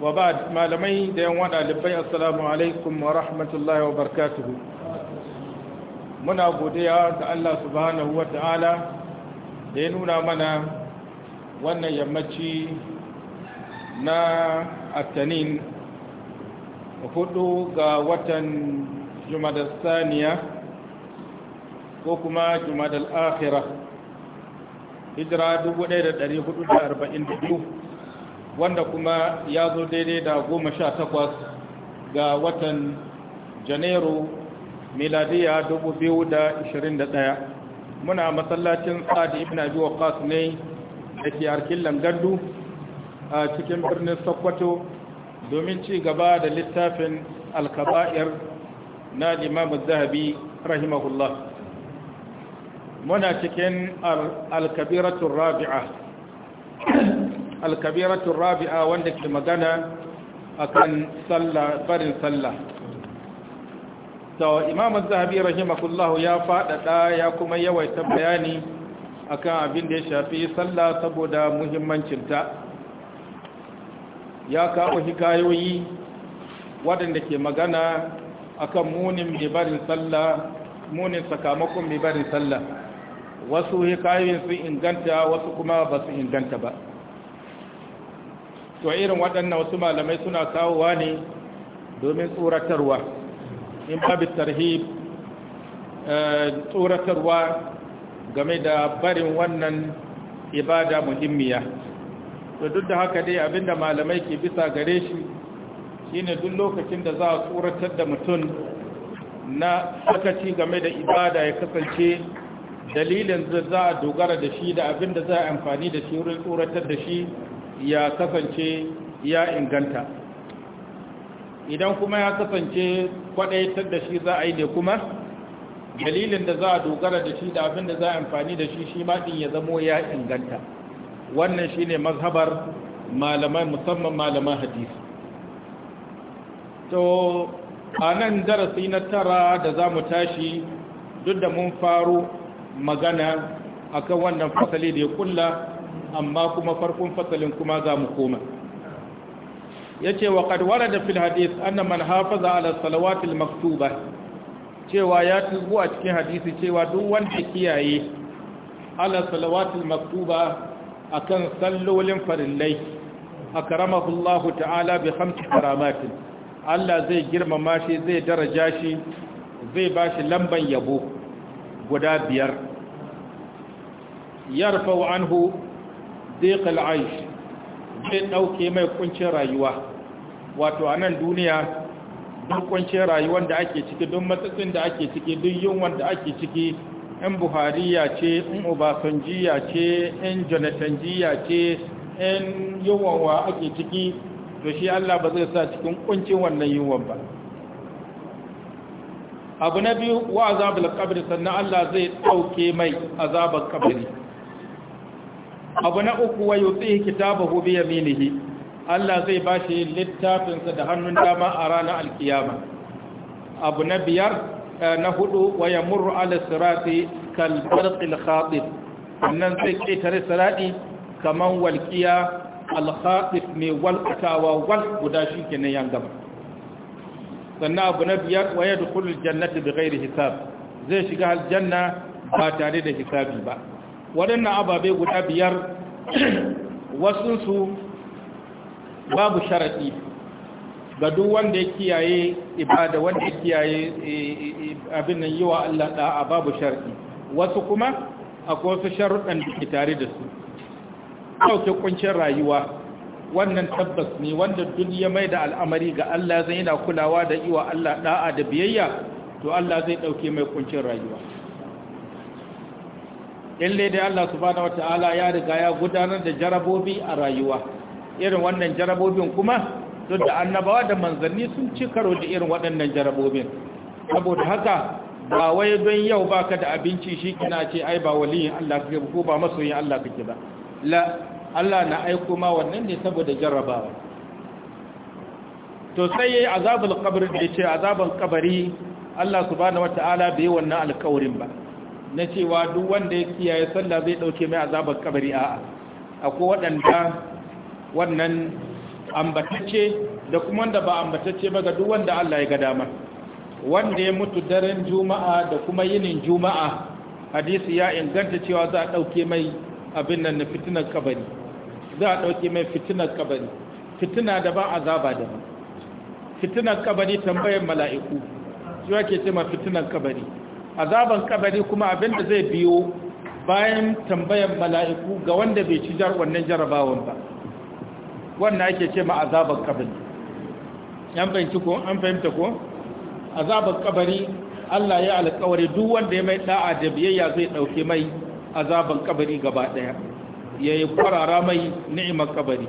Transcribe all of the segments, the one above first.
wa ba malamai da yan wada libai assalamu alaikum wa rahmatullahi wa barkatuhu. muna godiya da Allah subhanahu wa ta'ala da ya nuna mana wannan yammaci na attanin hudu ga watan jumadar saniya ko kuma jumadar akhira hijira 1442 wanda kuma ya zo daidai da goma sha takwas ga watan janairu miladiya dubu biyu da ishirin da muna masallacin sa'adu ibn abi waqas ne da ke harkin langandu a cikin birnin sokoto domin ci gaba da littafin alkaba'ir na limamu zahabi rahimahullah muna cikin alkabiratun rabi'a alkabiratun rabi'a wanda ke magana akan sallah barin sallah to imam zahabi rahimahullah ya fadada ya kuma yawaita bayani akan abin da ya shafi sallah saboda muhimmancinta ya kawo hikayoyi waɗanda ke magana akan munin sallah munin sakamakon barin sallah wasu hikayoyin sun inganta wasu kuma ba su inganta ba to irin waɗannan wasu malamai suna kawowa ne domin tsoratarwa in babu tarhib eh, tsoratarwa game da barin wannan ibada muhimmiya to duk da haka dai abinda malamai ke bisa gare shi shine duk lokacin da za a tsoratar da mutum na sakaci game da ibada ya kasance dalilin za a dogara da shi da abinda za a amfani da shi wurin tsoratar da shi ya kasance ya inganta idan kuma ya kasance kwadaitar da shi za a yi ne kuma dalilin da za a dogara da shi da abin da za a amfani da shi shi maɗin ya zamo ya inganta wannan shi ne mazhabar malamai musamman malaman hadisi to a nan darasi na tara da za mu tashi duk da mun faru magana akan wannan fasali da ya kulla amma kuma farkon fasalin kuma za mu koma yace wa qad warada fil hadith anna man hafaza ala salawatil maktuba cewa ya tubu a cikin hadisi cewa duk wanda kiyaye ala salawatil maktuba akan sallolin farillai akramahu Allah ta'ala bi khamsi karamatin Allah zai girmama shi zai daraja shi zai bashi lamban yabo guda biyar yarfa'u anhu dhiqal aish zai dauke mai kuncin rayuwa wato a nan duniya duk kuncin rayuwar da ake ciki duk matsatsin da ake ciki duk yunwan da ake ciki in ya ce in ya ce in ya ce in yunwa ake ciki to shi Allah ba zai sa cikin kuncin wannan yunwan ba abu na biyu wa azabar kabir sannan Allah zai ɗauke mai azabar kabiri. abu na uku wa yutsihi kitabahu bi yaminihi Allah zai bashi shi littafinsa da hannun dama a ranar alkiyama abu na biyar eh, na hudu wa yamurru ala sirati kal barqil khatib Wannan sai ketare sirati kaman walqiya al khatib ne walqatawa wal guda shi kenan yan gaba sannan abu na biyar wa yadkhulul jannata bighairi hisab zai shiga aljanna ba tare da hisabi ba waɗannan ababe guda biyar wasunsu babu sharaɗi ga duk wanda ya kiyaye ibada wanda ya kiyaye e, e, e, abin nan yi wa Allah ɗa'a babu sharaɗi wasu kuma akwai wasu sharuɗan da ke tare da su ɗauke kuncin rayuwa wannan tabbas ne wanda duk ya mai da al'amari ga Allah zai yana kulawa da wa Allah ɗa'a da biyayya to Allah zai ɗauke mai kuncin rayuwa lalle dai Allah subhanahu wataala ya riga ya gudanar da jarabobi a rayuwa irin wannan jarabobin kuma duk da annabawa da manzanni sun ci karo da irin waɗannan jarabobin saboda haka ba wai don yau baka da abinci shi kina ce ai ba waliyin Allah kake ko ba masoyin Allah kake ba la Allah na aiko ma wannan ne saboda jarrabawa to sai yayi azabul qabr da ce azabul qabri Allah subhanahu wataala bai wannan alƙawarin ba na cewa duk wanda ya kiyaye sallah zai dauke mai azabar kabari a akwai waɗanda wannan ambatacce da kuma wanda ba ambatacce ba ga duk wanda Allah ya ga dama wanda ya mutu daren juma'a da kuma yinin juma'a hadisi ya inganta cewa za a dauke mai abin nan na fitinar kabari za a dauke mai fitinar kabari fitina da ba azaba da ba fitinar kabari tambayar mala'iku shi ke ce ma fitinar kabari azaban kabari kuma abinda zai biyo bayan tambayan mala'iku ga wanda bai ci jar wannan jarabawan ba wannan ake ce ma azaban kabari yan fahimci ko an fahimta ko azaban kabari Allah ya alƙawari duk wanda ya mai da'a da biyayya zai dauke mai azaban kabari gaba daya yayi kwarara mai ni'imar kabari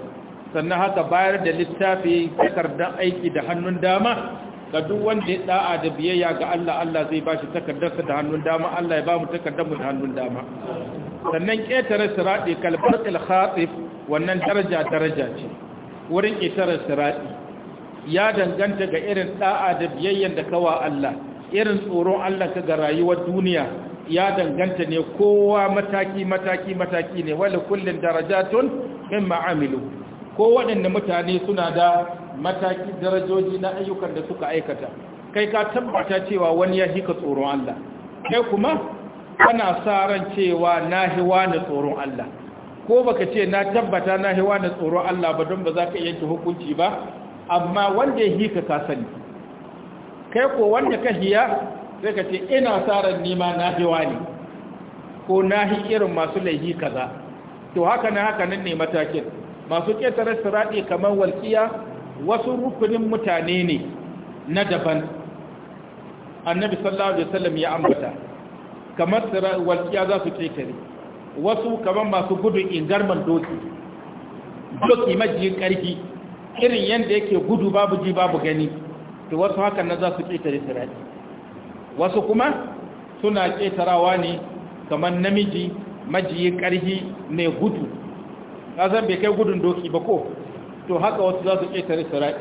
sannan haka bayar da littafi takardar aiki da hannun dama ga duk wanda ya da'a da biyayya ga Allah Allah zai ba shi takardarsa da hannun dama Allah ya ba mu takardarmu da hannun dama sannan ƙetare siraɗi kalbar ilhatsif wannan daraja daraja ce wurin ƙetare siraɗi ya danganta ga irin da'a da biyayyan da kawa Allah irin tsoron Allah ka ga rayuwar duniya ya danganta ne kowa mataki mataki mataki ne wala kullun darajatun mimma amilu ko waɗanda mutane suna da mataki darajoji na ayyukan da suka aikata kai ka tabbata cewa wani ya hika tsoron Allah kai kuma kana sa ran cewa na hiwa na tsoron Allah ko baka ce na tabbata na hiwa na tsoron Allah ba don ba za ka yanke hukunci ba amma wanda ya hika ka sani kai ko wanda ka hiya sai ka ce ina sa ran nima na hiwa ne ko na hi irin masu laihi kaza to haka na haka nan ne matakin masu ƙetare siraɗi kamar walƙiya wasu rukunin mutane ne na daban annabi sallallahu alaihi wasallam ya ambata kamar walqiya za su ƙetare wasu kamar masu gudun ingarman doki doki majiyin ƙarfi irin yadda yake gudu babu ji babu gani to wasu hakan na za su ƙetare sirari wasu kuma suna ƙetarawa ne kamar namiji majiyin ƙarfi mai gudu kazan bai kai gudun doki ba ko to haka wasu za su ƙetare sarai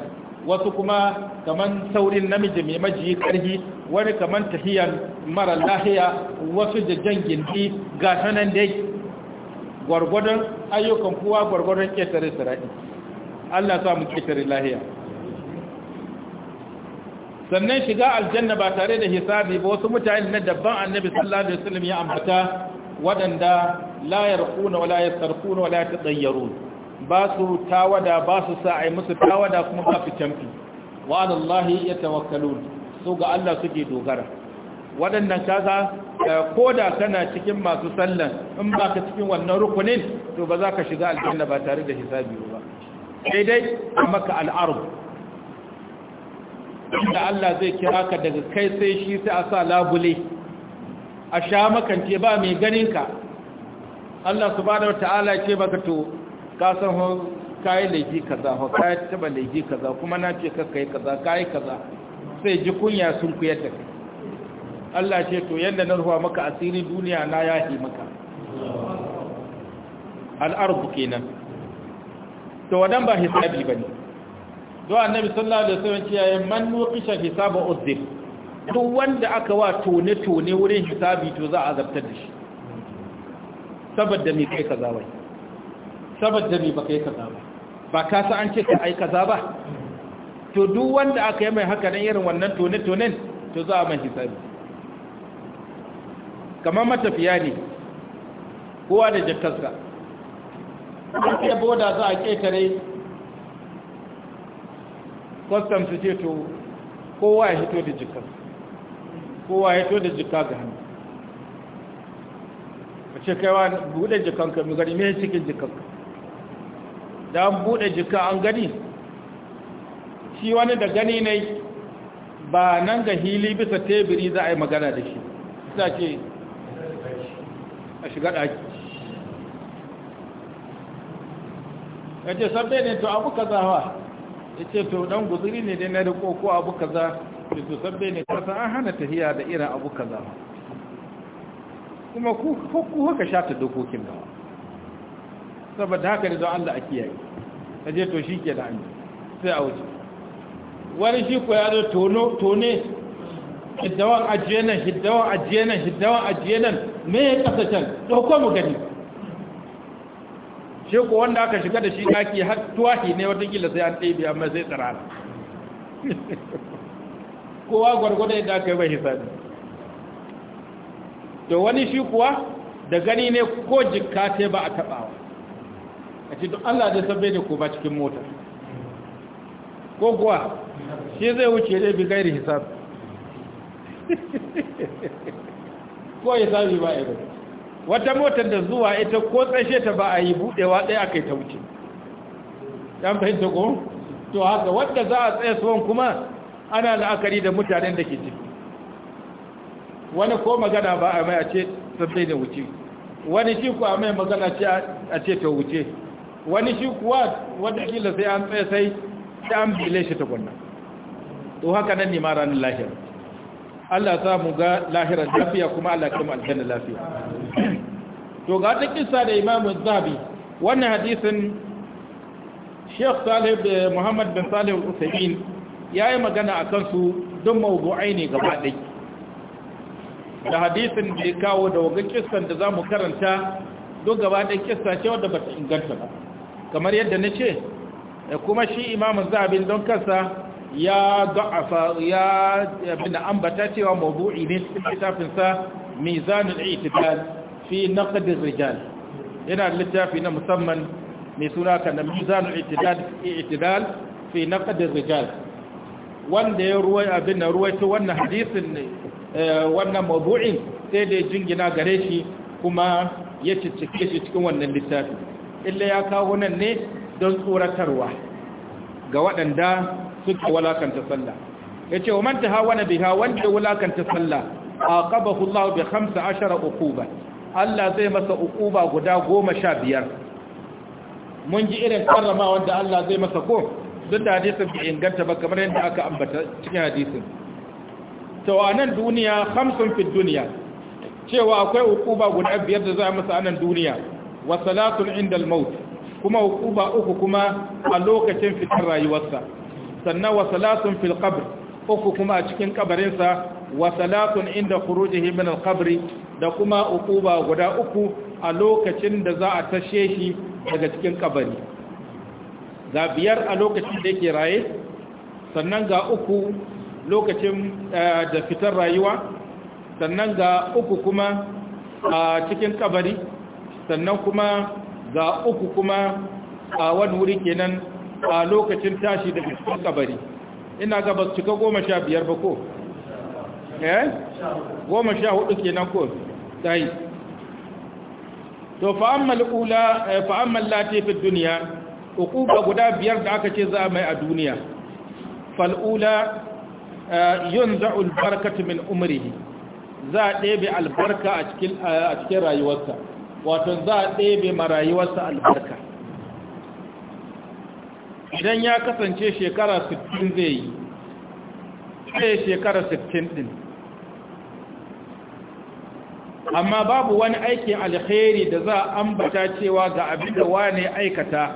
wasu kuma kaman saurin namiji mai majiyi ƙarfi wani kaman tahiyan mara lahiya wasu jajjan gindi ga sanan dai gwargwadon ayyukan kuwa gwargwadon ƙetare sarai Allah sa mu ƙetare lahiya sannan shiga aljanna ba tare da hisabi ba wasu mutane na dabban annabi sallallahu alaihi wasallam ya ambata waɗanda la yarquna wala yastarquna wala yatatayyarun ba su tawada ba su sa yi musu tawada kuma ba su camfi wa ya yatawakkalun so ga Allah suke dogara waɗannan kaza eh, ko da kana cikin masu sallan in ba ka cikin wannan rukunin to ba za ka shiga aljanna ba tare da hisabi ba sai dai maka al'arub inda Allah zai kira ka daga kai sai shi sai a sa labule a sha makance ba mai ganinka Allah subhanahu wataala ya ce baka to ka san ho kai laifi kaza ho kai taba laifi kaza kuma na ce kakka yi kaza kai kaza sai ji kunya sun ku yadda Allah ce to yadda na ruwa maka asiri duniya na yahi maka al'arbu kenan to wadan ba hisabi bane don annabi sallallahu alaihi wasallam ce yayin man nuqisha hisaba uzib duk wanda aka wa tone tone wurin hisabi to za a azabtar da shi saboda me kai kaza wai saboda ba baka yi kaza ba ba ka sa an ce ka ai kaza ba to duk wanda aka yi mai haka nan irin wannan tone tonen to za a mai hisabi kamar matafiya ne kowa da jakkarsa an ke boda za a ketare kwastam su ce to kowa ya hito da jikarsa kowa ya hito da jika ga hannu a ce kaiwa buɗe jikanka mu gari mai cikin jikanka da an buɗe jika an gani shi wani da gani ne ba nan ga hili bisa tebiri za a yi magana da shi za ce a shiga ɗaki ya ce sabbe ne to abu kaza wa ya ce to dan guzuri ne dai na riko ko abu kaza ya to sabbe ne kasa an hana tahiya da irin abu kaza kuma ku haka shata dokokin gawa saboda haka ne don Allah a kiyaye ta je to shi ke da an sai a wuce wani shi ko ya zo tono tone hiddawan ajiye nan hiddawan ajiye nan hiddawan ajiye nan me ya kasa can ɗauko mu gani shi ko wanda aka shiga da shi ɗaki har tuwahi ne watakila sai an ɗebe amma sai tsara kowa gwargwada yadda aka yi bai hisabi to wani shi kuwa da gani ne ko jikka ce ba a taɓawa a ce duk Allah da sabbe da ko ba cikin mota ko kuwa shi zai wuce dai bi gairi hisab ko hisabi ba ido wata motar da zuwa ita ko tsashe ta ba a yi budewa ɗaya aka yi ta wuce ɗan fahimta ko to haka wadda za a tsaye suwan kuma ana la'akari da mutanen da ke ciki wani ko magana ba a mai a ce sabbe da wuce wani shi ko a mai magana ce a ce ta wuce wani shi kuwa kila sai an tsaye sai ta an bile shi tukunna to haka nan ne ma ranar lahira Allah sa mu ga lahira lafiya kuma Allah kuma aljanna lafiya to ga ta kissa da Imam Zabi wannan hadisin Sheikh Salih bin Muhammad bin Salih Al-Uthaymeen yayi magana akan su duk mawdu'ai ne gaba ɗaya da hadisin da ya kawo da waga kissan da zamu karanta duk gaba ɗaya kissa ce wadda ta inganta ba kamar yadda na ce kuma shi imamu zabin don kansa ya da'afa ya bin ambata cewa mawdu'i ne cikin littafinsa mizanul i'tidal fi naqd ar-rijal yana littafi na musamman mai suna kan mizanul i'tidal i'tidal fi naqd ar-rijal wanda ya ruwaya abin da ruwaito wannan hadisin eh, wannan mawdu'in sai da jingina gare shi kuma ya ciccike cikin wannan littafi illa ya kawo nan ne don tsoratarwa ga waɗanda suka wulakanta sallah ya ce wa man ta hawa na biha ya wulakanta sallah a ƙaba Allah bi hamsa ashara ukuba Allah zai masa ukuba guda goma sha biyar mun ji irin karrama wanda Allah zai masa ko duk da hadisin bai inganta ba kamar yadda aka ambata cikin hadisin to a nan duniya hamsin fi duniya cewa akwai ukuba guda biyar da za a masa a nan duniya wa inda al-maut kuma hukuba uku kuma a lokacin fitar rayuwarsa sannan wa fil qabr uku kuma a cikin kabarinsa wa inda khurujihi min al-qabr da kuma hukuba guda uku a lokacin da za a tashe shi daga cikin kabari ga biyar a lokacin da yake raye sannan ga uku lokacin eh, da fitar rayuwa sannan ga uku kuma a cikin kabari sannan kuma ga uku kuma a wani wuri kenan a lokacin tashi da cikin kabari ina ga basu cika goma sha biyar ba ko eh goma sha hudu kenan ko sai to fa'ammal ula eh, fa'ammal lati fi dunya uquba guda biyar da aka ce za mai a duniya fal'ula ula eh, yunza'u al min umrihi za a ɗebe albarka a cikin rayuwarsa wato za a ɗebe marayuwarsa albarka idan ya kasance shekara 60 zai yi sai shekara 60 ɗin. amma babu wani aikin alkhairi da za a ambata cewa ga abinda da wane aikata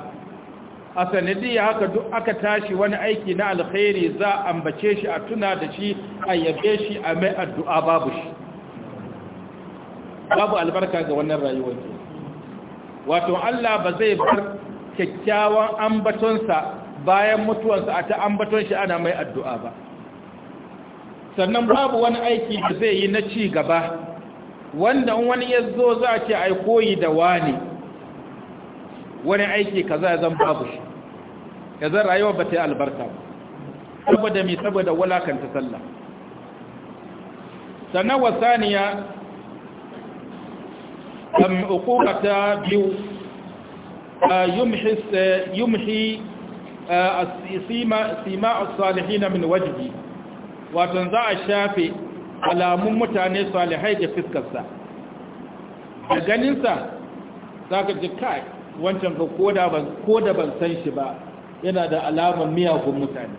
a sanadiyya haka duk aka tashi wani aiki na alkhairi za a ambace shi a tuna da shi a yabe shi a mai addu'a babu shi babu albarka ga wannan rayuwar ke wato Allah ba zai bar kyakkyawan ambatonsa bayan mutuwarsa a ta ambaton shi ana mai addu'a ba sannan babu wani aiki da zai yi na ci gaba wanda wani ya zo za a ce ai koyi da wani wani aiki kaza ya zan babu shi ya zan rayuwa ba ta yi albarka saboda mai saboda wulakanta sallah sannan wasaniya ta biyu yumhi sima na min wajibi watan za a shafe alamun mutane salihai ga fiskarsa da ganinsa za ka ji kai wancan ka koda ban san shi ba yana da alamar miyagun mutane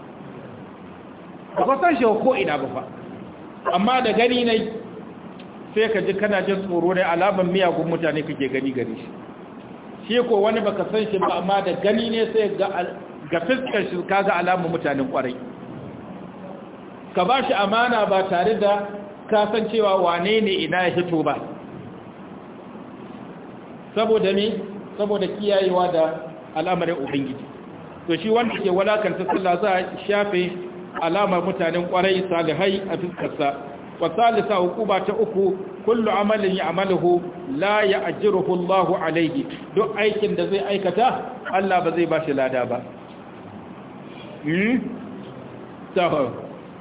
ba san shi ko ina ba fa amma da gani ne sai ka ji kana jin tsoro ne alaman miyagun mutane kake gani gari shi shi ko wani baka san shi ba amma da gani ne sai ga fiskar shi kaga alaman mutanen kwarai ka ba shi amana ba tare da kasancewa wane ne ina ya hito ba saboda ne saboda kiyayewa da al'amarin ubangiji to shi wanda ke walakanta sallah za a shafe alamar mutanen kwarai salihai a fiskarsa Wasalisa salisa hukuma ta uku kullu amalin ya ya'maluhu la ya'jiruhu Allahu alaihi duk aikin da zai aikata Allah ba zai bashi lada ba hmm taho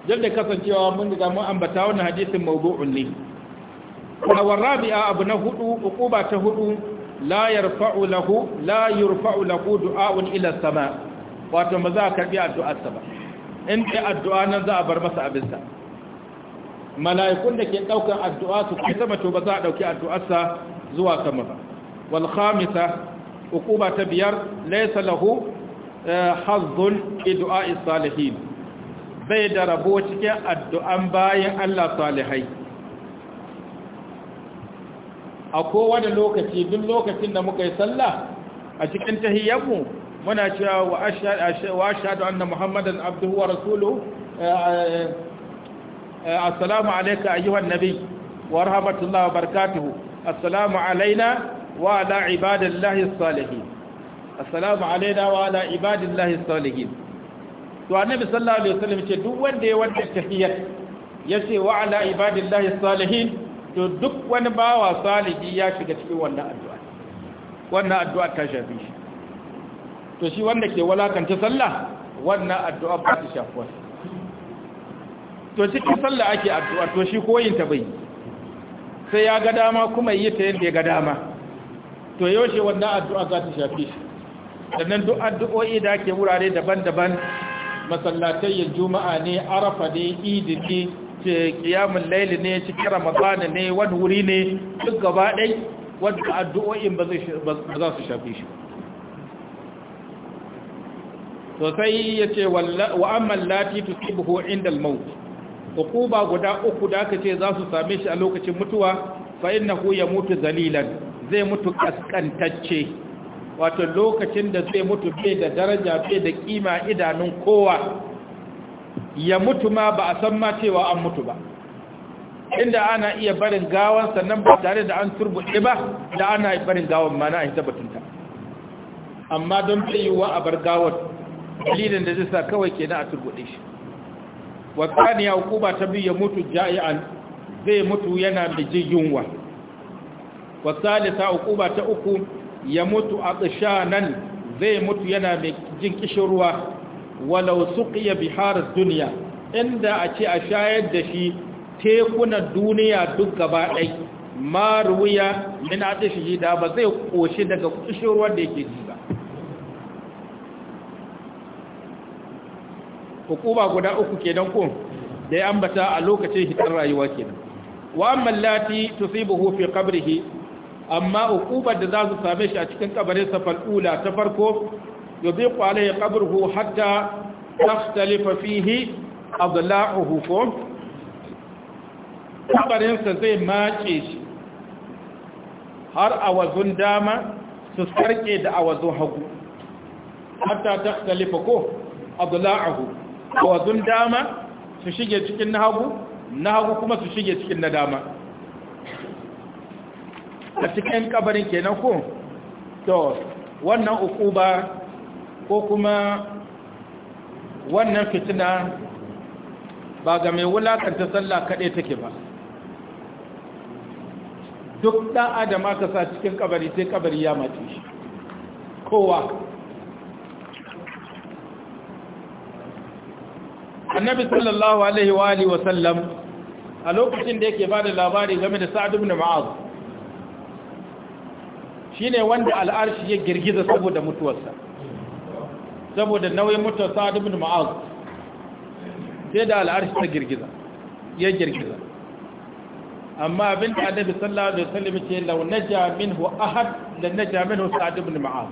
kasancewa mun ga mun ambata wannan hadisin mawdu'un ne wa rabi'a abu na hudu hukuma ta hudu la yarfa'u lahu la yarfa'u lahu du'a'un ila sama wato ba za ka karbi addu'arsa sama, in ta addu'a nan za a bar masa abin abinsa mala'ikun da ke daukan addu'a su kai sama to ba za a dauki addu'arsa zuwa sama ba wal khamisa uquba ta biyar laysa lahu eh, hazzun fi salihin bai da rabo cikin addu'an bayan Allah salihai a kowane lokaci duk lokacin da muka yi sallah a cikin tahiyyarmu muna cewa wa ashhadu anna muhammadan abduhu wa rasuluhu eh, eh, Eh, assalamu alayka ayyuhan nabi wa rahmatullahi wa barakatuhu assalamu alaina wa ala ibadillahi salihin assalamu alaina wa ala ibadillahi salihin to annabi sallallahu alaihi wasallam ce duk wanda ya wanda tahiyyar yace wa ala ibadillahi salihin to duk wani bawa salihi ya shiga cikin wannan addu'a wannan addu'a ta shafi shi to shi wanda ke walakanta sallah wannan addu'a ba ta shafi to cikin sallah ake addu'a to shi koyin ta bai sai ya ga dama kuma yi ta yadda ya ga dama to yaushe wannan addu'a za ta shafi shi sannan duk addu'o'i da ake wurare daban-daban masallatai juma'a ne arafa ne idi ne ce kiyamun laili ne cikin ramadana ne wani wuri ne duk gaba ɗai wadda addu'o'in ba za su shafi shi sosai ya ce wa'amman lati tusibuhu inda al uquba guda uku da aka ce za su same shi a lokacin mutuwa fa innahu yamutu zalilan zai mutu kaskantacce wato lokacin da zai mutu bai da daraja bai da kima idanun kowa ya mutu ma ba a san ma cewa an mutu ba inda ana iya barin gawan sannan ba tare da an turbuɗe ba da ana barin gawan ma na a hita batunta amma don bai yiwuwa a bar gawan dalilin da zai sa kawai kenan a turbuɗe shi wa tsaniya hukuma ta biyu mutu ja'i'an zai mutu yana da jirgin wa salisa hukuma ta uku ya mutu a tsishanan zai mutu yana mai jin kishirwa walau suqiya biharis duniya inda a ce a shayar da shi tekunan duniya duk gaba ɗai maruwiya min a da ba zai koshi daga kishirwar da yake ji ba hukuma guda uku kenan ko da ya ambata a lokacin hitar rayuwa kenan wa amma lati tusibuhu fi qabrihi amma hukumar da za su same shi a cikin kabarin sa falula ta farko yudhiqu alayhi qabruhu hatta takhtalifa fihi adla'uhu ko kabarin sa zai mace shi har wazun dama su sarke da a wazun hagu hatta takhtalifa ko adla'uhu wazun dama su shige cikin na hagu na hagu kuma su shige cikin na dama a cikin kabarin kenan ko to wannan ukuba ko kuma wannan fitina ba ga mai wulakanta sallah kaɗai take ba duk ɗan adama aka sa cikin kabari sai kabari ya mace shi kowa annabi sallallahu alaihi wa alihi wa sallam a lokacin da yake bada labari game da sa'ad ibn mu'az shine wanda al'arshi ya girgiza saboda mutuwarsa saboda nauyin mutuwar sa'ad ibn mu'az sai da al'arshi ta girgiza ya girgiza amma abin da annabi sallallahu alaihi wasallam ce law naja minhu ahad la naja minhu sa'ad ibn mu'az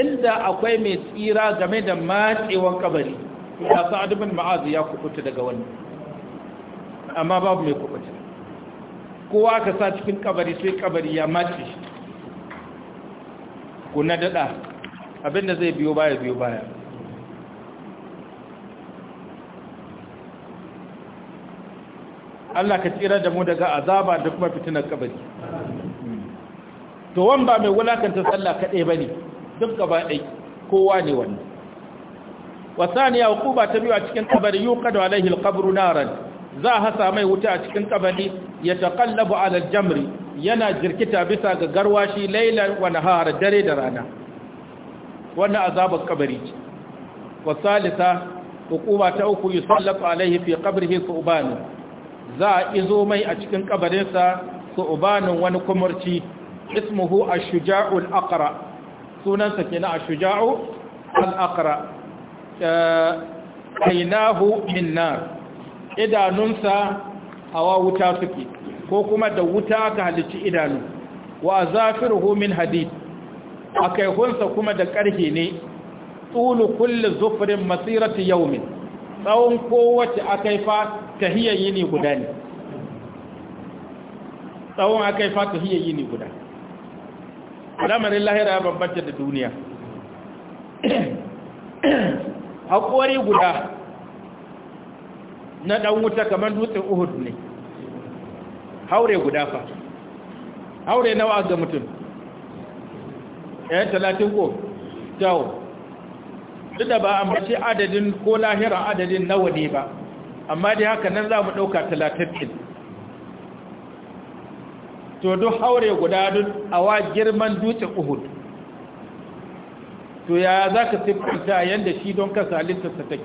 inda akwai mai tsira game da matsewan kabari ya sa'ad bin ma'azu ya kubuta daga wannan amma babu mai kubuta kowa aka sa cikin kabari sai kabari ya mace kuna dada abinda zai biyo baya biyo baya Allah ka tsira da mu daga azaba da kuma fitinar kabari to wan ba mai wulakanta sallah kaɗai ba ne duk gaba ɗai kowa ne wannan Wasani wasaniya hukuba ta biyu a cikin kabari yuqadu alaihi alqabru naran za a hasa mai wuta a cikin kabari ya taqallabu ala aljamri yana jirkita bisa ga garwashi lailan wa nahara dare da rana wannan azabar kabari ce wasalisa hukuma ta uku yusallafu alaihi fi qabrihi su'ban za a izo mai a cikin kabarinsa su'banin wani kumurci ismuhu ash-shuja'u al-aqra sunansa kenan ash-shuja'u al-aqra Kainahu min nar idanunsa hawa wuta suke ko kuma da wuta aka halicci idanu wa zafiruhu min hadid hunsa kuma da ƙarfe ne tulu kulli zufrin masirati yawmin tsawon kowace fa tahiyar ne guda ne tsawon akaifa tahiyar ne guda alamarin lahira ya bambanta da duniya haƙori guda na ɗan wuta kamar dutsen uhud ne haure guda fa haure nawa ga mutum ɗaya talatin ko Tau. duk da ba a mace adadin ko lahiran adadin nawa ne ba amma dai haka nan za mu ɗauka talatattin to duk haure guda duk awa girman dutsen uhud to ya za ka siffanta yadda shi don kasa halittarsa take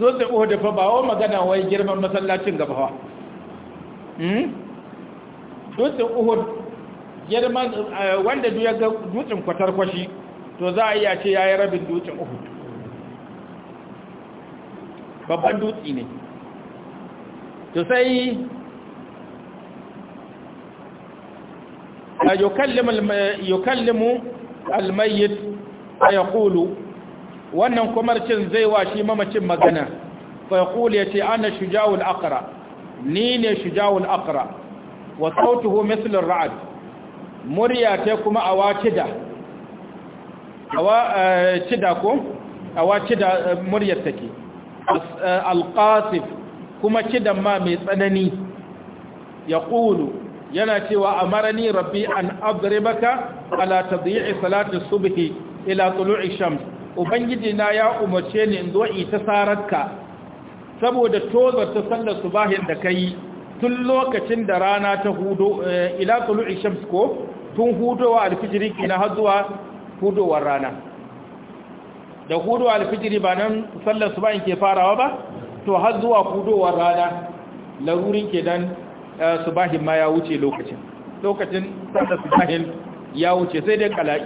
zo da oda fa ba wa magana wai girman masallacin gabawa hmm? dutsen uhud girman eh, wanda duk ya ga dutsen kwatar kwashi to za a iya ce ya yi rabin dutsen uhu. babban dutse ne to sai yukallimu almayyit fa yaqulu wannan cin zai wa shi mamacin magana fa yaqulu yace ana shuja'ul aqra ni ne shuja'ul aqra wa sautuhu mithlu ar-ra'd murya ta kuma awacida awa cida ko awacida muryar take al-qasif kuma cidan ma mai tsanani yaqulu yana cewa amarani rabbi an adribaka ala tadyi'i salati subhi ila tulu'i shams ubangiji na ya umarce ni in zo in ta sararka saboda tozar ta sallar subahin da kai tun lokacin da rana ta hudo eh, ila tulu'i shams ko tun hudowa alfijiri kina har zuwa hudowar rana da hudowa alfijiri ba nan sallar subahin ke farawa ba to har zuwa hudowar rana larurin kenan Eh, subahin ma ya wuce lokacin lokacin sallar subahin ya wuce sai dai kala'i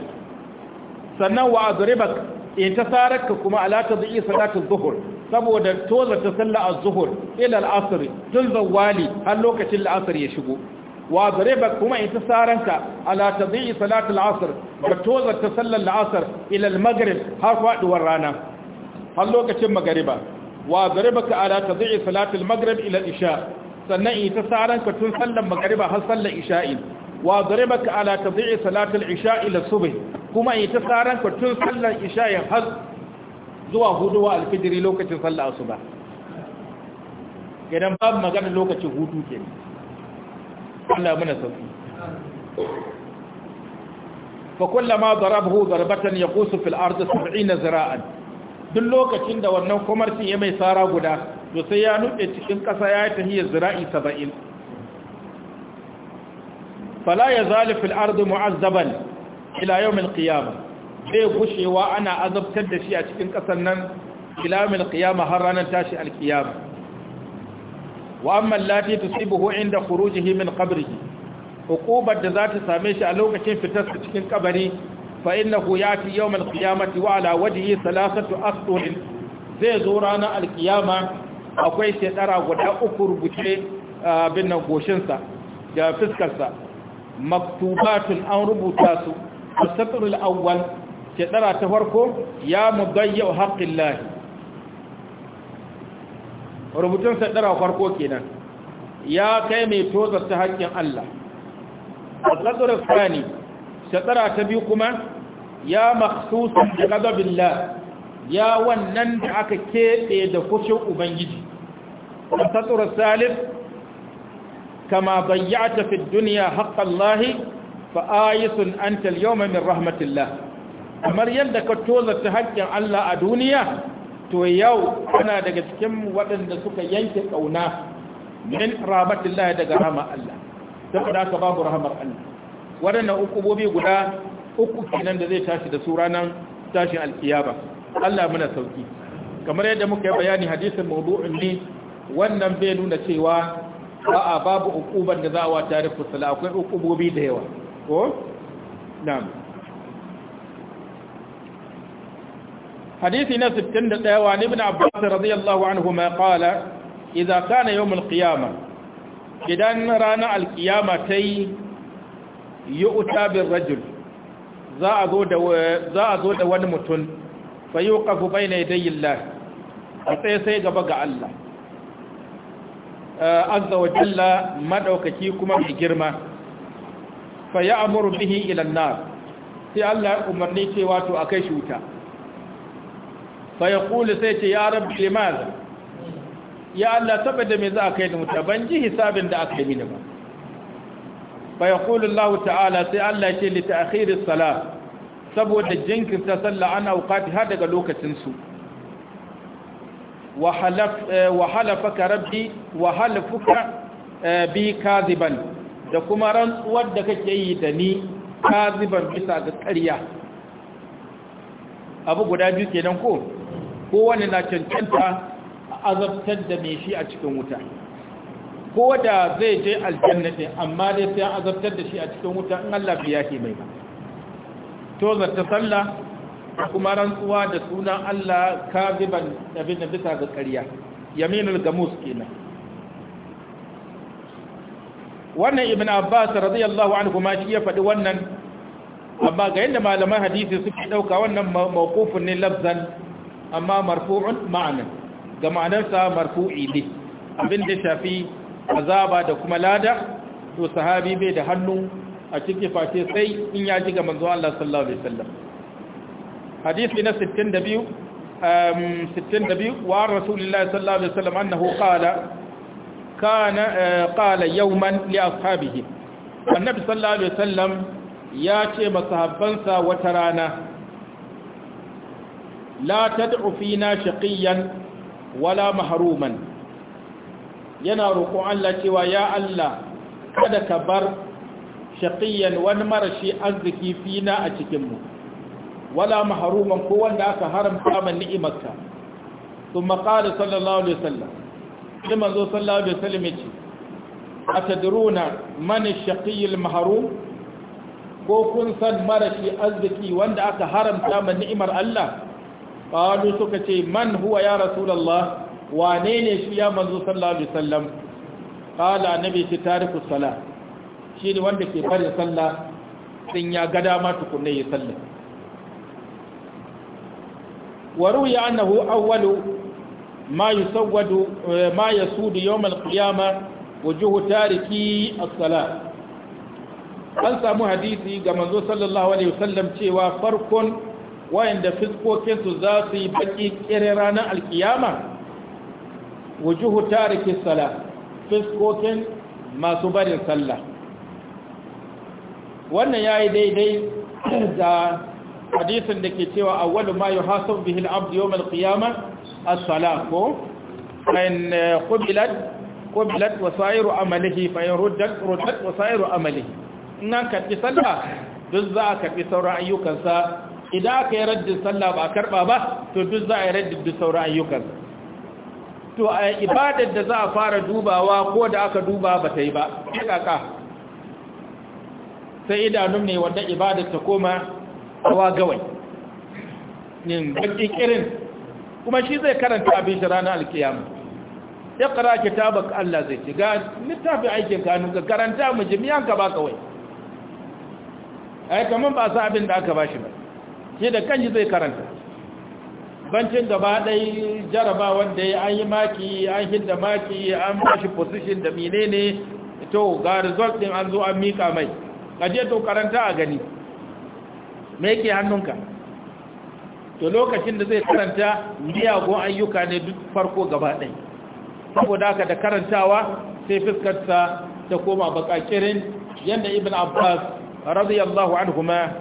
sannan wa azribak in eh, ta sararka kuma ala tadhi salatu zuhur saboda toza ta salla az-zuhur ila al-asr tun zawali har lokacin al-asr ya shigo wa azribak kuma in ta sararka ala tadhi salatu al-asr da toza ta salla al-asr ila al-maghrib har faduwar rana har lokacin magriba wa azribaka ala tadhi salatu al-maghrib ila al-isha sannan in ta saran tun sallan magariba har sallan isha'i wa daribaka ala tadhi'i salatul isha'i la subh kuma in ta saran tun sallan isha'i har zuwa hudu wa alfijiri lokacin sallar asuba idan babu magana lokacin hudu kenan Allah muna sauki فكلما ضربه ضربة يقوس في الأرض سبعين ذراعا duk lokacin da wannan kwamarcin ya mai tsara guda to sai ya nutse cikin ƙasa ya yi tahiyar zira'i saba'in fala ya zali arzi mu'azzaban ila yawmin qiyama zai gushewa ana azabtar da shi a cikin ƙasar nan ila qiyama har ranar tashi alqiyama wa amma sai tusibuhu inda kuruji min qabrihi hukubar da za ta same shi a lokacin fitarsa cikin kabari fa innahu yati yawmal qiyamati wa zai zo ranar alkiyama akwai shekara guda uku rubuce abin nan goshinsa da fiskarsa maktubatun an rubuta su a satrul awwal shekara ta farko ya haƙƙin lahi. rubutun shekara farko kenan ya kai mai tozar ta haƙƙin Allah a tsatsar fani shekara ta biyu kuma ya maksusun da lahi. ya wannan da aka keɓe da kushin ubangiji tatsura salif kama bayyata fi duniya haƙƙallahi fa ayisun anta al min rahmatillah kamar yadda ka ta haƙƙin Allah a duniya to yau ana daga cikin waɗanda suka yanke ƙauna min rahmatillah daga rahmar Allah saboda ka babu rahmar Allah waɗannan ukubobi guda uku kenan da zai tashi da su ranar tashin alkiyaba Allah muna sauki kamar yadda muka yi bayani hadisin mawdu'in ne wannan bai nuna cewa ba a babu ukuban da za a wata rufu sala akwai ukubobi da yawa ko na'am hadisi na 61 wa ibn abbas radiyallahu anhu ma qala idza kana yawm alqiyama idan rana alqiyama tai yu'ta bir rajul za a zo da wani mutum fa yuqafu bayna yadayi Allah a tsaye sai gaba ga Allah eh, azza wa jalla madaukaki kuma mai girma fa ya'muru bihi ila nar sai Allah umarni ce wato akai shuta fa yaqulu sai ce ya rabbi limaza ya Allah saboda me za a kai ni wuta ban ji hisabin da aka yi ba fa yaqulu Allah ta'ala sai Allah ce li ta'khiri as-salat saboda jinkirta sallah ana wukati har daga lokacinsu wa eh, halafaka rabbi wa halafuka eh, bi kaziban da kuma rantsuwar da kake yi da ni kaziban bisa ga karya. abu guda biyu kenan ko kowane na cancanta a azabtar da mai shi a cikin wuta ko da zai je aljanna amma dai sai azabtar da shi a cikin wuta in Allah biya ke mai ba ta sallah kuma rantsuwa da sunan Allah kaziban abin da bisa ga ƙarya yaminul gamus kenan wannan ibn abbas radiyallahu anhu ma shi ya faɗi wannan amma ga yadda malaman hadisi suke ɗauka wannan mawqufun ne lafzan amma marfu'un ma'anan ga ma'anarsa marfu'i ne abin da shafi azaba da kuma lada to sahabi bai da hannu a cikin face sai in ya ji ga manzo Allah sallallahu alaihi wasallam hadisi na 62 62 um, wa rasulullahi sallallahu alaihi wasallam annahu qala kana eh, qala yawman li ashabihi annabi sallallahu alaihi wasallam ya ce masahabbansa wata rana la tad'u fina shaqiyan wala mahruman yana roƙon Allah cewa ya Allah kada ka bar shaqiyan wani marashi arziki fina a cikinmu wala maharuman ko wanda aka haramta man ni'imarka thumma qala sallallahu alaihi wasallam sai manzo sallallahu alaihi wasallam yace A man ash-shaqiy al-mahrum ko kun san marashi arziki wanda aka haramta man ni'imar Allah qalu suka ce man huwa ya rasulullah wane ne shi ya manzo sallallahu alaihi wasallam bai ci tariku salat shi ne wanda ke fara sallah sun ya ga dama tukunne ya sallah wa ya annahu awwalu ma yusawwadu eh, ma yasudu yawm al-qiyama wujuhu tariki as-salat an samu hadisi ga manzo sallallahu alaihi wasallam cewa farkon wayanda su za su yi baki kire ranar alkiyama wujuhu tariki as-salat fiskokin masu barin sallah wannan ya yi daidai da hadisin da ke cewa awwalu ma yuhasab bihi al-abd yawm al-qiyamah as-salah ko in eh, qubilat qubilat wa sa'iru amalihi fa in ruddat ruddat wa sa'iru amalihi in an karbi sallah duk za a karɓi sauran ayyukansa idan aka yi raddin sallah ba karɓa ba to duk za a yi raddin duk sauran ayyukansa to a ibadar da za a fara dubawa ko da aka duba ba ta yi ba kaka sai idanun ne wanda ibada ta koma kawa gawai yin baki kirin kuma shi zai karanta abin shi ranar alkiyama ya kara kitabak Allah zai ci ga littafin aikin kanu ga karanta mu jimiyan ka ba kawai ai kaman ba sa abin da aka bashi ba shi da kanji zai karanta bancin gaba ɗai jaraba wanda ya yi maki an hidda maki an bashi position da menene to ga result din an zo an mika mai kaje to karanta a gani me yake hannunka to lokacin da zai karanta miyagun ayyuka ne duk farko gaba ɗai saboda haka da karantawa sai fuskarsa ta koma bakakirin yadda ibn abbas radiyallahu anhuma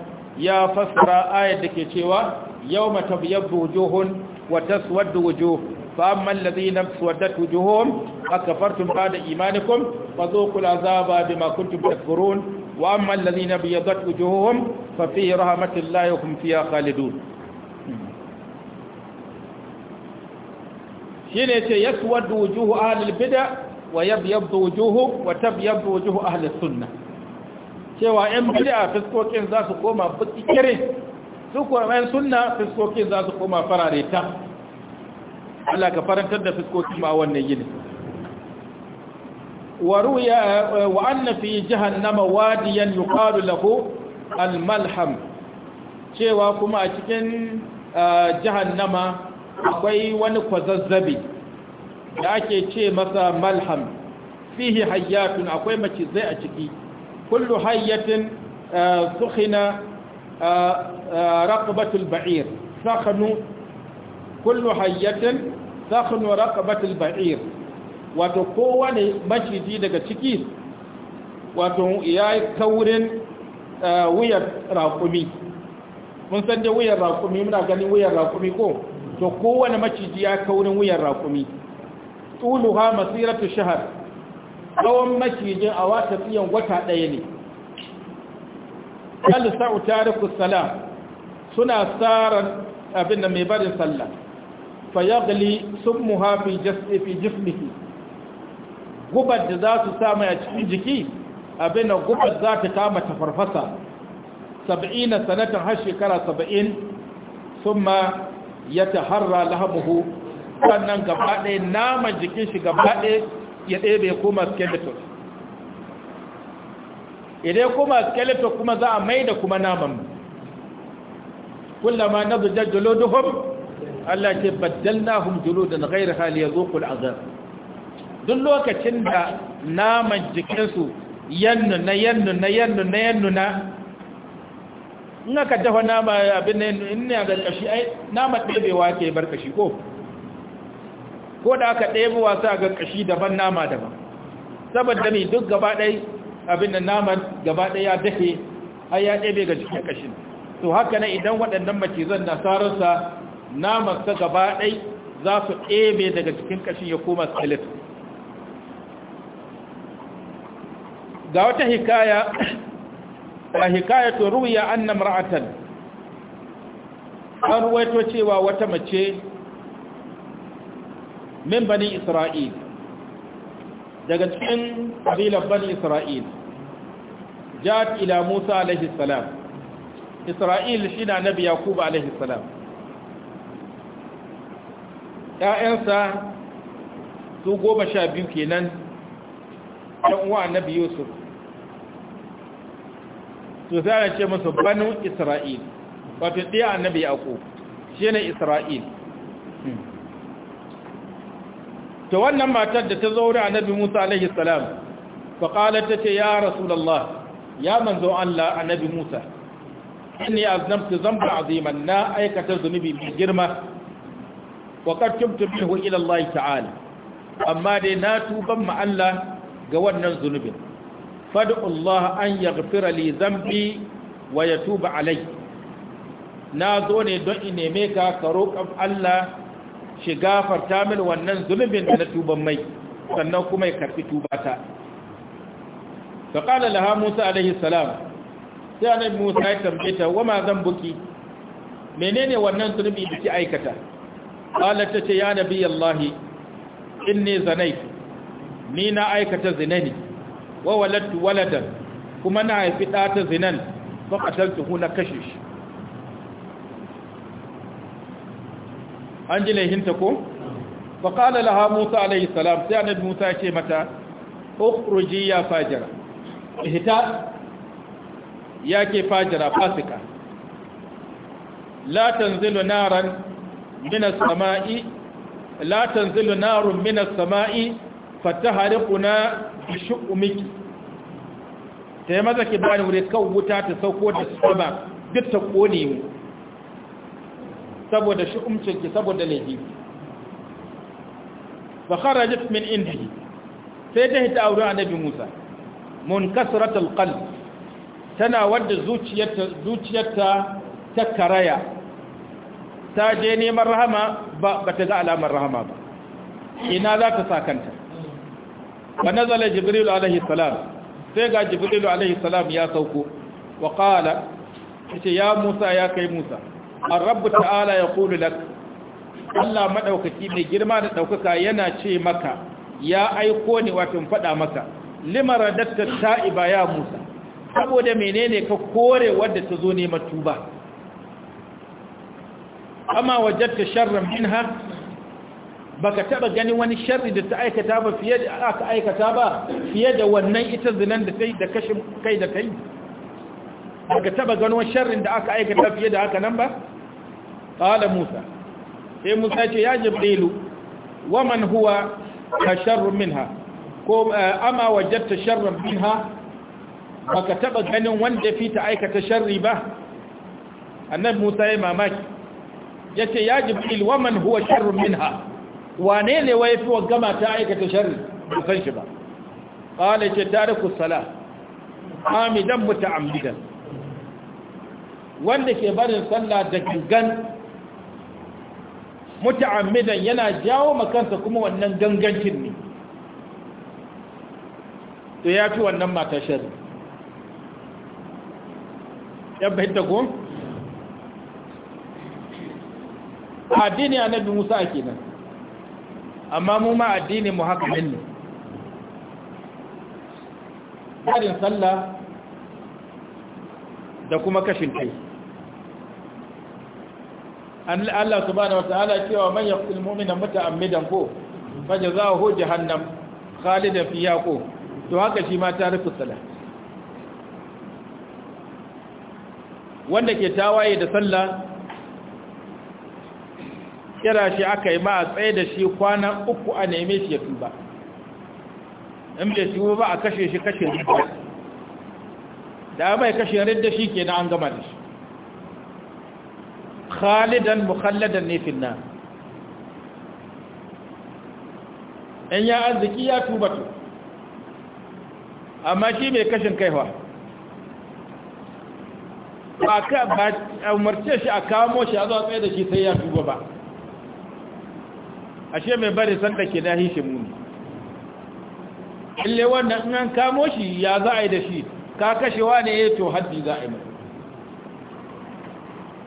ya fasara ayar da ke cewa yawma tabyaddu wujuhun wa taswaddu wujuh fa amma alladhina taswaddat wujuhum akafartum ba'da imanikum fadhuqul azaba bima kuntum takfurun وأما الذين بيضت وجوههم ففي رحمة الله هم فيها خالدون شنو يسود وجوه أهل البدع ويبيض وجوه وتبيض وجوه أهل السنة cewa ‘yan bida fiskokin za su koma bukikirin su kuwa ‘yan suna fiskokin za su koma farare ta Allah ka farantar da fiskokin ma wannan yini وروي وأن في جهنم واديا lahu al-malham, cewa kuma a cikin jahannama akwai wani kwazazzabi da ake ce masa malham fihi hayyatun akwai macizai a ciki kullu hayyatin sukhina raqabatul ba'ir sakhnu kullu hayyatin sakhnu raqabatul ba'ir wato kowane maciji daga ciki wato ya yi kaurin eh, wuyar raƙumi mun san da wuyar rakumi muna ganin wuyar raƙumi ko to kowane maciji ya kaurin wuyar raƙumi tuluha masiratu shahar tsawon macijin a wata tsiyan wata ɗaya ne alisa'u tariku salam suna tsaran abin da mai barin sallah fayagali sun muhafi jisnihi gubar da za su samu a cikin jiki abin da gubar za ta kama ta farfasa saba'ina sanatan har shekara saba'in sun ma ya ta harra lahamuhu sannan gaba ɗaya naman jikin shi gaba ya ɗebe kuma skeleton idan kuma skeleton kuma za a mai da kuma naman kullama na zujar juluduhum Allah ce baddalnahum juludan ghayr hal yazuqu al'azab duk lokacin da naman jikinsu yannu na yannu na yannu na yannu na in aka dafa nama abin na yannu in ya ga kashi ai nama ɗebewa ke bar kashi ko ko da aka ɗebe wasu a ga kashi daban nama daban saboda ne duk gaba ɗai abin da naman gaba ɗai ya dafe ai ya ɗebe ga jikin kashin to haka na idan waɗannan macizan nasararsa namansa gaba ɗai za su ɗebe daga cikin kashin ya koma skeleton ga wata hikaya a hikayatu ruwiya annam ra'atan an ruwaito cewa wata mace min bani isra'il daga cikin ƙabilar bani isra'il ja'at ila musa alaihi isra'il shi na nabi yakuba alaihi salam ‘ya'yansa su goma sha biyu kenan ɗan uwa nabi yusuf to sai ana ce musu banu isra'il wato ɗiya annabi yaƙo shi ne isra'il ta wannan matar da ta zo annabi musa alaihi salam faƙalar ta ce ya rasulallah ya manzo allah annabi musa inni aznamtu zamba aziman na aikata zunubi mai girma wa qad tubtu minhu ta'ala amma dai na tuban ma allah ga wannan zunubin fad'ullah an yaghfira li dhanbi wa yatuba alai na zo ne don in neme ka ka roƙa Allah shi gafarta min wannan zunubin da na tuban mai sannan kuma ya karfi tubata fa qala laha Musa alaihi salam sai Musa wa ma menene wannan zunubi da ke aikata qalat ta ce ya nabi Allah inni zanaitu ni na aikata zinani. ne wa waladtu waladan kuma na haifi ɗa ta zinan fa qataltuhu na kashe shi an ji laihinta ko fa qala laha musa alayhi salam sai annabi musa ya ce mata ukhruji ya fajira hita ke fajira fasika la tanzilu naran min as-sama'i la tanzilu narun min as-sama'i fatahriquna shi miki? ta yi maza ki ni wuri kan wuta ta sauko da sama duk ta kone mu saboda shi umcinki saboda laifi fa Jif min indihi sai ta hita auren annabi Musa Mun munkasratul qalb tana wadda zuciyarta ta karaya ta je neman rahama ba ta ga alamar rahama ba ina za ta sa kanta wa nazala jibril alaihi salam sai ga jibril alaihi salam ya sauko wa yace ya Musa ya kai Musa ar-rabb ta'ala yaqulu lak Allah madaukaki mai girma da daukaka yana ce maka ya aiko ni wato faɗa maka lima radatta ta'iba ya Musa saboda menene ka kore wadda ta zo neman tuba amma wajadta sharran minha baka taba ganin wani sharri da ta aikata ba fiye da aka aikata ba fiye da wannan ita zinan da tai da kashin kai da tai baka taba ganin wani sharrin da aka aikata fiye da haka nan ba qala musa sai musa ce ya jibrilu wa man huwa kasharrun minha ko eh, ama wajadta sharran minha baka taba ganin wanda fi ta aikata sharri ba annabi musa ya mamaki yace ya jibril wa man huwa sharrun minha wane ne wai fi wagama ta aikata sharri ba kan shi ba qala ce tariku sala amidan muta'ammidan wanda ke barin sallah da gangan muta'ammidan yana jawo makansa kuma wannan gangancin ne to ya fi wannan mata shari yabba A ko addini annabi musa kenan amma mu ma addinin mu haka ne barin sallah da kuma kashin kai Allah subhanahu wata'ala cewa man yaqtul mu'mina muta'ammidan ko fajazahu jahannam khalidan fiha ko to haka shi ma tarifu salat wanda ke tawaye da sallah kira shi aka yi ba a tsaye da shi kwana uku a neme shi ya tuba in bai tuba ba a kashe shi kashe ridda da mai kashe da shi ke na an gama da shi khalidan mukhalladan ne nan. in ya arziki ya tuba to amma shi mai kashin kaiwa ba a umarce shi a kamo shi a zuwa tsaye da shi sai ya tuba ba ashe mai bari sanda ke dahi shi muni ille wanda in an kamo shi ya za a yi da shi ka kashewa ne eh, to haddi za a yi mai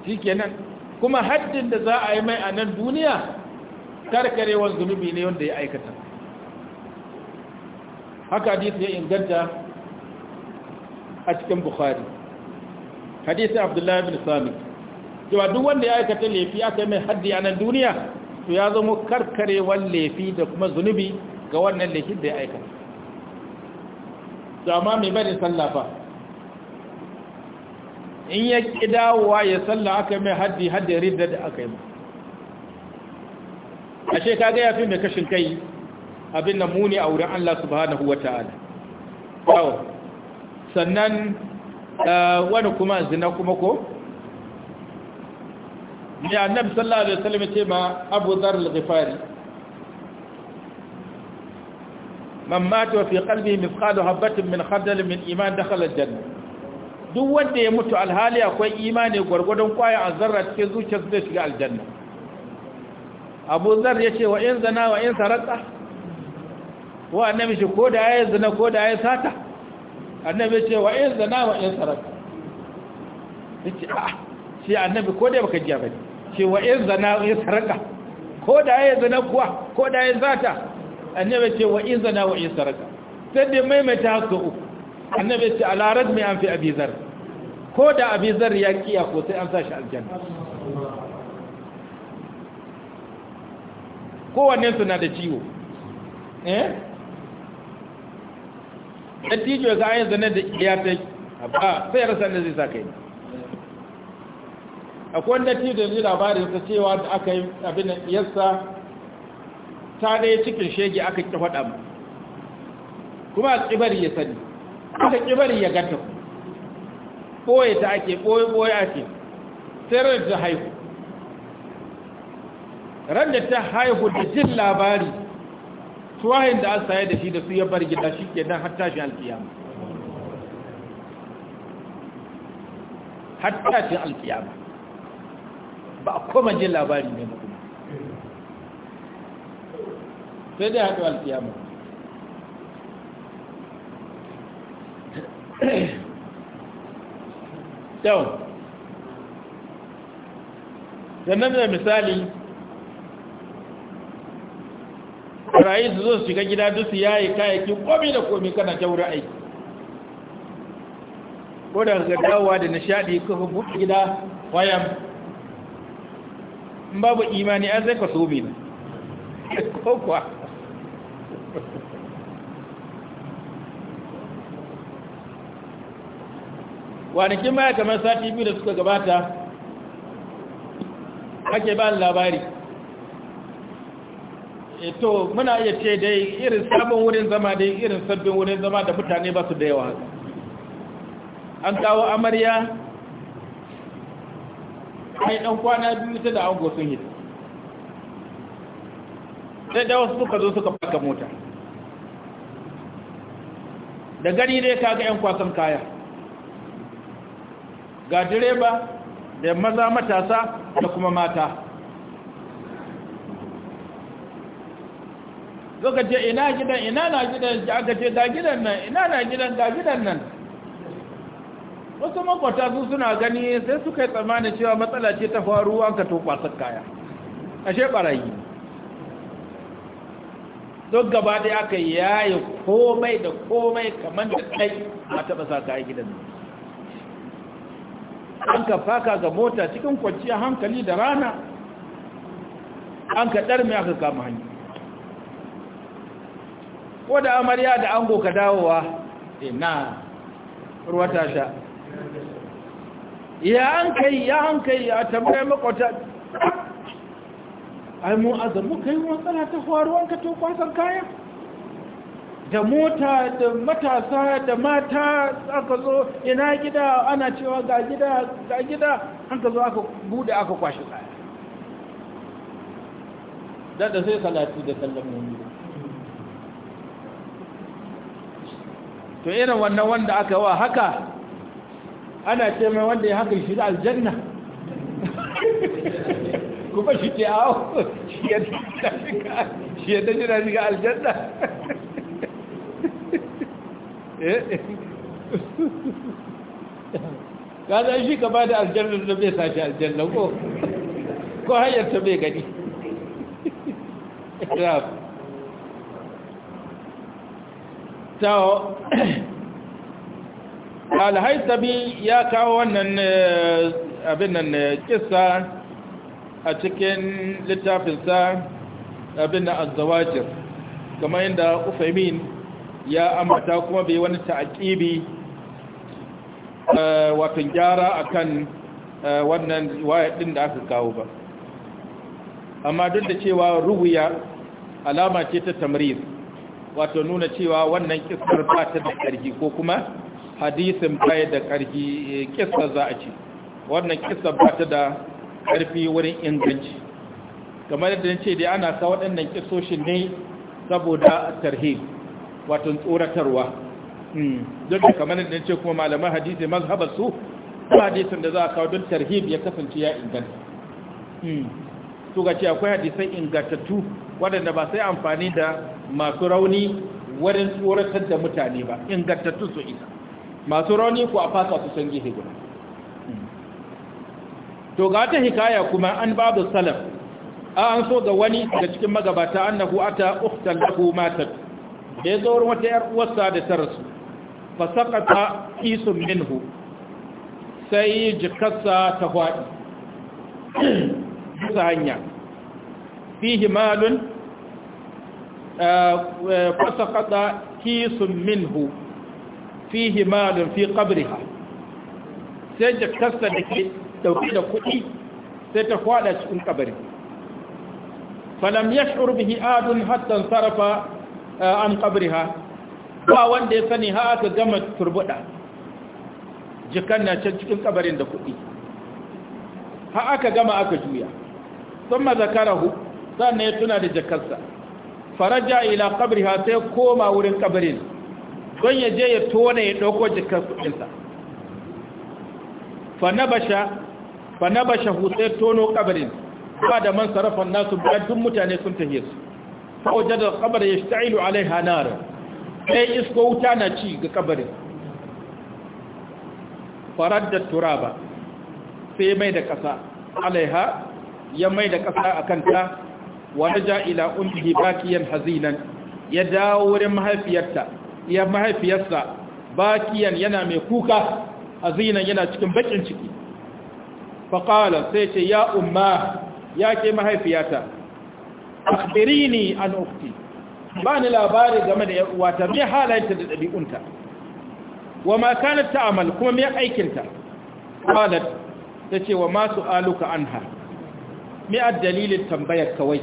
shi kenan kuma haddin da za a yi mai a nan duniya karkarewar zunubi ne wanda ya aikata haka hadisi ya inganta a cikin bukhari hadisi abdullahi bin sami cewa duk wanda ya aikata laifi aka yi mai haddi a nan duniya to ya zama karkarewar laifi da kuma zunubi ga wannan laifin da ya aikata to amma mai bari sallah fa. in ya ƙi ya sallah aka mai haddi haddi ridda da aka yi ba ka ga ya fi mai kashin kai abin da muni a wurin Allah subhanahu wa ta'ala sannan eh, wani kuma zina kuma ko mai annabi sallallahu alaihi wasallam ce ma abu dhar al-ghifari man mata fi qalbihi mithqalu habatin min khardal min iman dakhala al-janna duk wanda ya mutu alhali akwai imani gwargwadon kwayan azarra cikin zuciyarsa zai shiga aljanna abu zar ya ce wa in zana wa in sarata wa annabi shi ko da ya zina ko da ya sata annabi ce wa in zana wa in sarata a'a shi annabi ko da baka jiya bane cewa in zana ya saraka ko da ya zana kuwa ko da ya zata annabi ce wa in zana wa in saraka sai dai maimaita haka uku annabi ce alarar mai an fi abizar ko da abizar ya kiya ko sai an sashi aljanna kowanne suna da ciwo eh dattijo ga ayin zanen da iya ta yi ba sai rasa da zai sa kai ne akwai wanda da ne labarin sa cewa da aka yi abin da yassa ta dai cikin shege aka ki faɗa mu kuma a ya sani aka ƙibari ya gata ɓoye ta ake ɓoye-ɓoye ake sai ran ta haihu ran da ta haihu da jin labari tuwahin da an saye da shi da su ya bar gida shi ke har hatta shi alkiyama hatta shi alkiyama ba a koma jin labari ne ba sai dai haɗu alfiyama yau sannan da misali rayu su zo su shiga gida duk su yaye kayakin komi da komi kana ta wurin aiki ko da ga dawowa da nishadi kafin buɗe gida wayan babu imani an zai ka so bi ko kuwa wanakin baya kamar sati biyu da suka gabata ake ba labari eh, to muna iya ce dai irin sabon wurin zama dai irin sabbin wurin zama da mutane ba su da yawa an kawo amarya ai dan kwana biyu ta da ango sun yi sai da wasu suka zo suka baka mota da gani dai kaga yan kwasan kaya ga direba da maza matasa da kuma mata ka ce ina gidan ina na gidan aka ce ga gidan nan ina na gidan ga gidan nan wasu makwata sun suna gani sai suka yi tsammanin cewa matsala ce ta faru an ka to kwasar kaya ashe barayi duk gaba da aka yayi komai da komai kamar da kai a taɓa sa kayan gidan an ka faka ga mota cikin kwanciya hankali da rana an ka ɗarmi aka kama hanyar ko da amarya da ango ka dawowa ina ruwa ta sha ya hankali, ya hankali a tambaye makwata ai mu azamu kai matsala ta faruwan ka to kwasar kaya da mota da matasa da mata aka zo ina gida ana cewa ga gida ga gida an ka zo aka bude aka kwashi kaya da da sai salatu da sallan mu to irin wannan wanda aka wa haka ana ce mai wanda ya haka shi aljanna kuma shi ce awo shi yadda shi na shiga aljanna gada shi ka ba da aljanna da bai sashi aljanna ko ko hanyarta bai gani ta alhaisabi ya kawo wannan abin nan kissa a cikin littafinsa abin nan azawajir kamar yadda ufaimin ya ambata kuma bai wani ta'akibi wato gyara akan wannan waya din da aka kawo ba amma duk da cewa ruwiya alama ce ta tamriz wato nuna cewa wannan kissar ba ta da ƙarfi ko kuma hadisin baya da ƙarfi eh, kisa za a ce wannan kisa ba ta da ƙarfi wurin inganci kamar yadda ce da ana sa waɗannan kissoshin ne saboda tarhib wato tsoratarwa hmm, duk da kamar yadda ce kuma malaman hadisi mazhabar su hadisin da za a kawo don tarhib ya kasance ya inganta su hmm, ga ce akwai hadisai ingantattu waɗanda ba sai amfani da masu rauni wurin tsoratar da mutane ba ingantattu su isa masu rauni ku a fasa su canji hijira to ga ta hikaya kuma an babu salaf an so ga wani daga cikin magabata annahu ata ukhtan lahu matat da ya zo wata yar uwarsa da ta rasu fa saqata isun minhu sai jikarsa ta hwaɗi bisa hanya fihi malun eh, eh, fasakata kisun minhu fihi malun fi qabriha sai jakarsa da ke dauke da kuɗi sai ta kwada cikin kabari falam yash'ur bihi adun hatta sarrafa eh, an qabriha ba wanda ya sani ha aka gama turbuda jikan na can cikin kabarin da kuɗi ha aka gama aka juya sun mazakarahu sannan ya tuna da jakarsa faraja ila kabriha sai koma wurin kabarin don ya je ya tona ya ɗauko jikar kuɗinsa fa na basha hutsai tono ƙabarin ba da man sarrafan nasu ba duk mutane sun tafiye su fa'ujar da ƙabar ya shi ta'ilu alai hanara sai isko wuta na ci ga ƙabarin farar da turaba sai mai da ƙasa ha ya mai da ƙasa a kanta wani ja'ila ƙungi bakiyar hazinan ya dawo wurin mahaifiyarta ya mahaifiyarsa bakiyan yana mai kuka azinan yana cikin bakin ciki faƙala sai ce ya umma ya ke mahaifiyata akhbirini an ukti ba ni labari game da uwata me halayenta da ɗabi'unta wa ma ta ta'amal kuma me aikinta ta ce wa ma su'aluka anha me dalilin tambayar kawai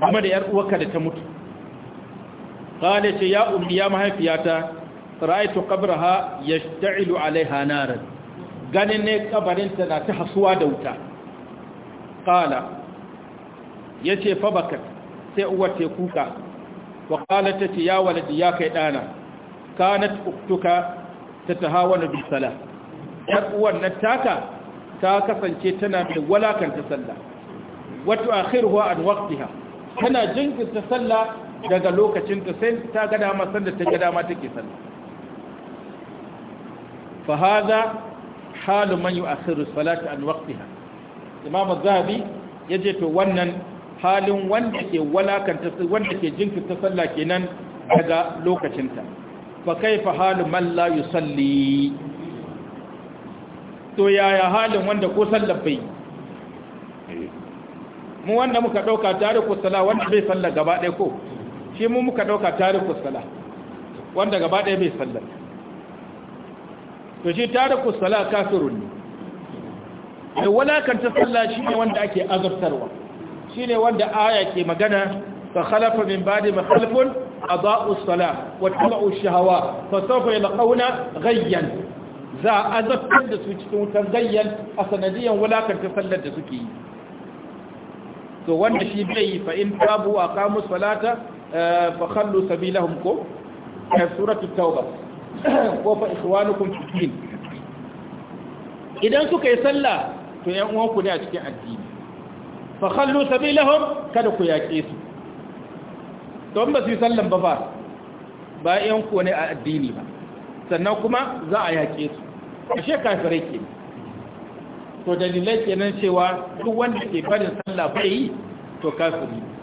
game da yar da ta mutu qala ce ya ummi ya mahaifiyata ra'aytu qabraha yashta'ilu 'alayha naran ganin ne kabarinta na ta hasuwa da wuta qala yace fa bakat sai uwar ta kuka wa qalat ta ya waladi ya kai dana kanat uktuka tatahawana bis salah yar uwan nan taka ta kasance tana mai walakanta sallah wato akhiruha an waqtiha tana jinkirta sallah daga lokacin ta sai ta ga dama sanda ta ga dama take sallah fa hadha halu man yu'akhiru salata an waqtiha imam az-zahabi yace to wannan halin wanda ke walakanta wanda ke jinkirta sallah kenan daga lokacinta fa kaifa halu man la yusalli to yaya halin wanda ko sallar bai eh. mu wanda muka dauka tare ko sala wanda bai sallar gaba ɗaya ko shi mun muka ɗauka tarikus sala wanda gaba ɗaya bai sallar to shi tarikus sala kafirun ne mai walakanta sallah shi ne wanda ake azabtarwa shi ne wanda aya ke magana ka khalafa min ba da khalfun a as-salah wa tabu'u ash-shahawa fa sawfa yalqawna ghayyan za azabtar da su cikin wutar gayyan a sanadiyan walakanta sallar da suke yi to wanda shi bai yi fa in tabu aqamu salata fa khallu sabilahum ko suratul tauba ko fa ikhwanukum fi din idan suka yi sallah to yan uwan ku ne a cikin addini fa khallu sabilahum kada ku yaƙe su to ba su yi sallan ba fa ba yan ku ne a addini ba sannan kuma za a yaƙe su ashe kafirai ke to dalilai kenan cewa duk wanda ke barin sallah bai yi to kafiri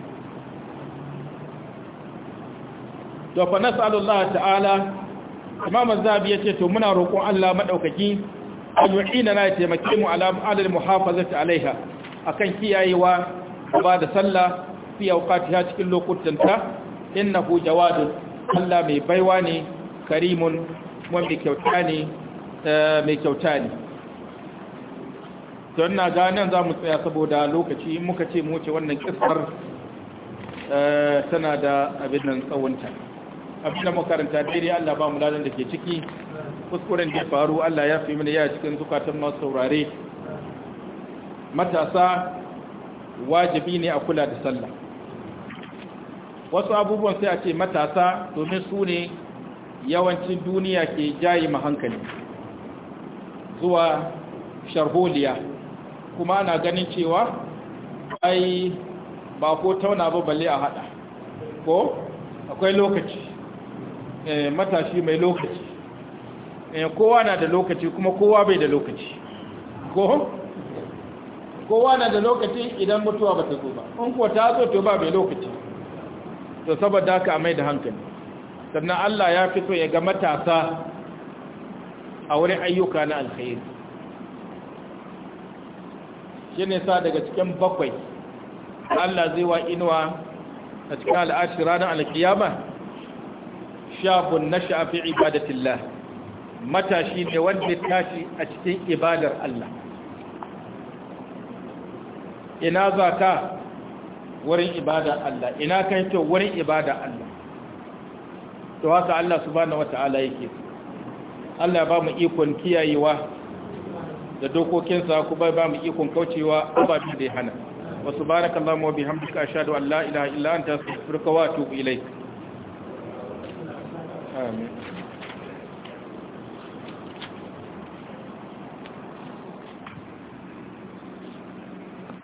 to fa Allah ta'ala imam az-zabi yace to muna roƙon Allah madaukaki an yu'ina na taimake mu ala alal ta alaiha akan kiyayewa ba da sallah fi awqatiha cikin lokutan ta innahu jawadun Allah mai baiwa ne karimun kuma mai kyauta ne don eh, na ga za mu tsaya saboda lokaci muka ce mu wuce wannan kisar eh, tana da abin nan tsawonta abinda makaranta daidai Allah ba mu ladan da ke ciki kuskuren da faru Allah ya fi mana ya cikin zukatan masu saurare matasa wajibi ne a kula da sallah wasu abubuwan sai a ce matasa domin su ne yawancin duniya ke jayi hankali zuwa sharholiya kuma ana ganin cewa ai ba ko tauna ba balle a hada ko akwai lokaci Eh, matashi mai lokaci eh, kowa na da lokaci kuma kowa bai da lokaci ko kowa na da lokaci idan mutuwa ba ta zo ba in ko ta zo to ba mai lokaci to saboda haka mai da hankali sannan Allah ya fito ya ga matasa a wurin ayyuka na alkhairi shi ne sa daga cikin bakwai Allah zai wa inuwa a cikin al'ashi ranar alkiyama shabun nasha'a fi ibadatillah matashi ne wanda tashi a cikin ibadar Allah ina za ka wurin ibadar Allah ina ka yake wurin ibadar Allah to haka Allah subhanahu wata'ala yake Allah ya ba mu ikon kiyayewa da dokokinsa kuma ba mu ikon kaucewa ababen da ya hana wa subhanakallahumma wa bihamdika ashhadu an la ilaha illa anta astaghfiruka wa atubu ilayk Amin. Um,